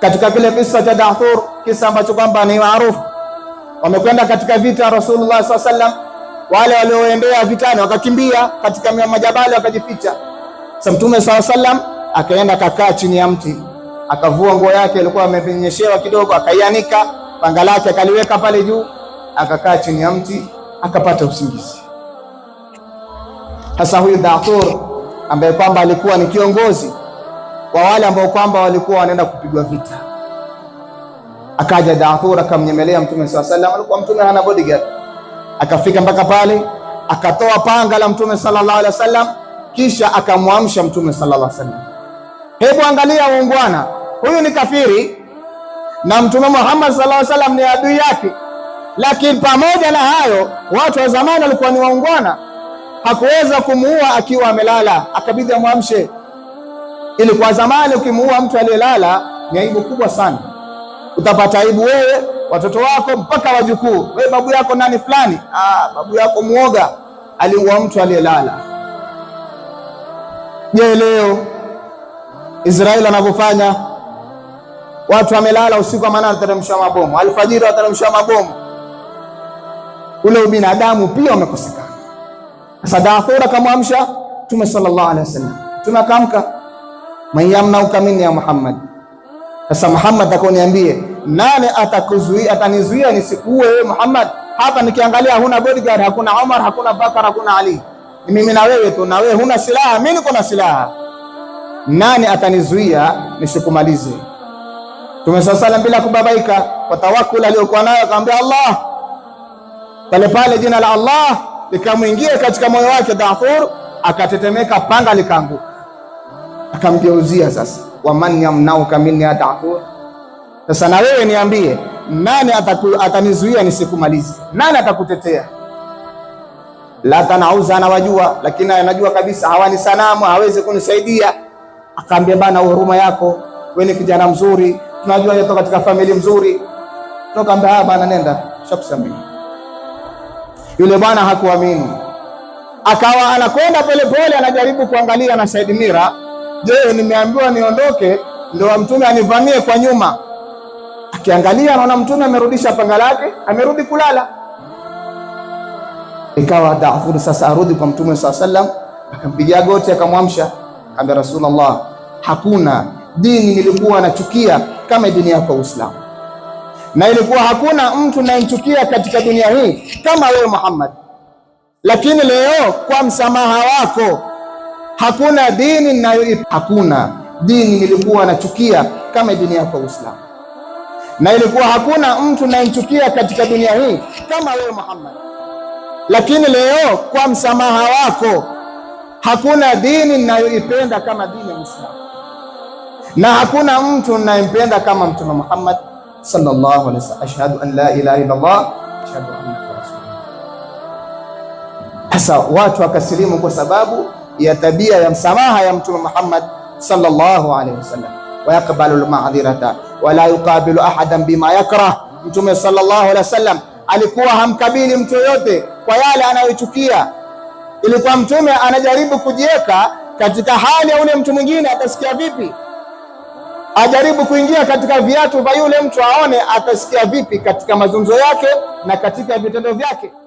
katika kile kisa cha Dathur, kisa ambacho kwamba ni maarufu. Wamekwenda katika vita Rasulullah SAW, wale walioendea vitani wakakimbia katika majabali wakajificha. Sasa Mtume SAW akaenda akakaa chini ya mti, akavua nguo yake, alikuwa amenyeshewa kidogo, akaianika, panga lake akaliweka pale juu, akakaa chini ya mti, akapata usingizi. Hasa huyu Dathur ambaye kwamba alikuwa ni kiongozi kwa wale ambao kwamba walikuwa wanaenda kupigwa vita. Akaja Dhathura akamnyemelea Mtume sallallahu alaihi wasallam, alikuwa Mtume hana bodyguard. Akafika mpaka pale akatoa panga la Mtume sallallahu alaihi wasallam, kisha akamwamsha Mtume sallallahu alaihi wasallam. Hebu angalia waungwana, huyu ni kafiri na Mtume Muhammad sallallahu alaihi wasallam ni adui yake, lakini pamoja na hayo watu wa zamani walikuwa ni waungwana. Hakuweza kumuua akiwa amelala, akabidi amwamshe ili kwa zamani ukimuua mtu aliyelala ni aibu kubwa sana, utapata aibu wewe, watoto wako, mpaka wajukuu. Wewe babu yako nani fulani, ah, babu yako muoga aliua mtu aliyelala. Je, leo Israeli anavyofanya, watu wamelala usiku wa manane, wanateremsha mabomu, alfajiri wanateremsha mabomu. Ule ubinadamu pia umekosekana. Sasa Dathura kamwamsha Mtume sallallahu alaihi wasallam, tunakamka mayamnauka minni ya Muhammad. Sasa Muhammad akoniambie nani atakuzuia, atanizuia nisikuue wewe Muhammad? Hapa nikiangalia huna bodyguard, hakuna Omar, hakuna Bakar, hakuna Ali, ni mimi na wewe tu, na wewe huna silaha, mimi niko na silaha. Nani atanizuia nisikumalize? Mtume swalla bila kubabaika, kwa tawakkul aliyokuwa nayo akamwambia Allah. Pale pale jina la Allah likamwingia katika moyo wake, Dhathur akatetemeka, panga likaanguka akamgeuzia sasa, waman yamnauka minni atakur. Sasa na wewe niambie, nani ataku, atanizuia nisikumalize? Nani atakutetea? la tanauza, anawajua lakini anajua kabisa hawani sanamu, hawezi kunisaidia. Akaambia bana, huruma yako wewe, ni kijana mzuri, tunajua toka katika familia mzuri toka mbaya ah, bana, nenda shakusamia. Yule bwana hakuamini, akawa anakwenda polepole, anajaribu kuangalia na Said Mira Je, nimeambiwa niondoke, ndio mtume anivamie kwa nyuma. Akiangalia anaona mtume amerudisha panga lake, amerudi kulala. Ikawa Daud sasa arudi kwa mtume swalla sallam, akampigia goti, akamwamsha, akamwambia Rasulullah, hakuna dini nilikuwa nachukia kama dini yako Uislamu, na ilikuwa hakuna mtu nayemchukia katika dunia hii kama wewe Muhammad, lakini leo kwa msamaha wako Hakuna dini ninayo, hakuna dini nilikuwa nachukia kama dini yako Uislamu, na ilikuwa hakuna mtu nayemchukia katika dunia hii kama wewe Muhammad. Lakini leo kwa msamaha wako, hakuna dini ninayoipenda kama dini ya Uislamu, na hakuna mtu ninayempenda kama Mtume Muhammad sallallahu alaihi wasallam. Ashhadu an la ilaha illa Allah, ashhadu anna rasulullah. Sasa watu wakasilimu kwa sababu ya tabia ya msamaha ya Mtume Muhammad sallallahu alaihi wasallam, wa yaqbalu al-ma'dhirata wa la yuqabilu ahadan bima yakrah. Mtume sallallahu alaihi wasallam alikuwa hamkabili mtu yoyote kwa yale anayochukia. Ilikuwa mtume anajaribu kujiweka katika hali ya yule mtu mwingine, atasikia vipi? Ajaribu kuingia katika viatu vya yule mtu, aone atasikia vipi katika mazungumzo yake na katika vitendo vyake.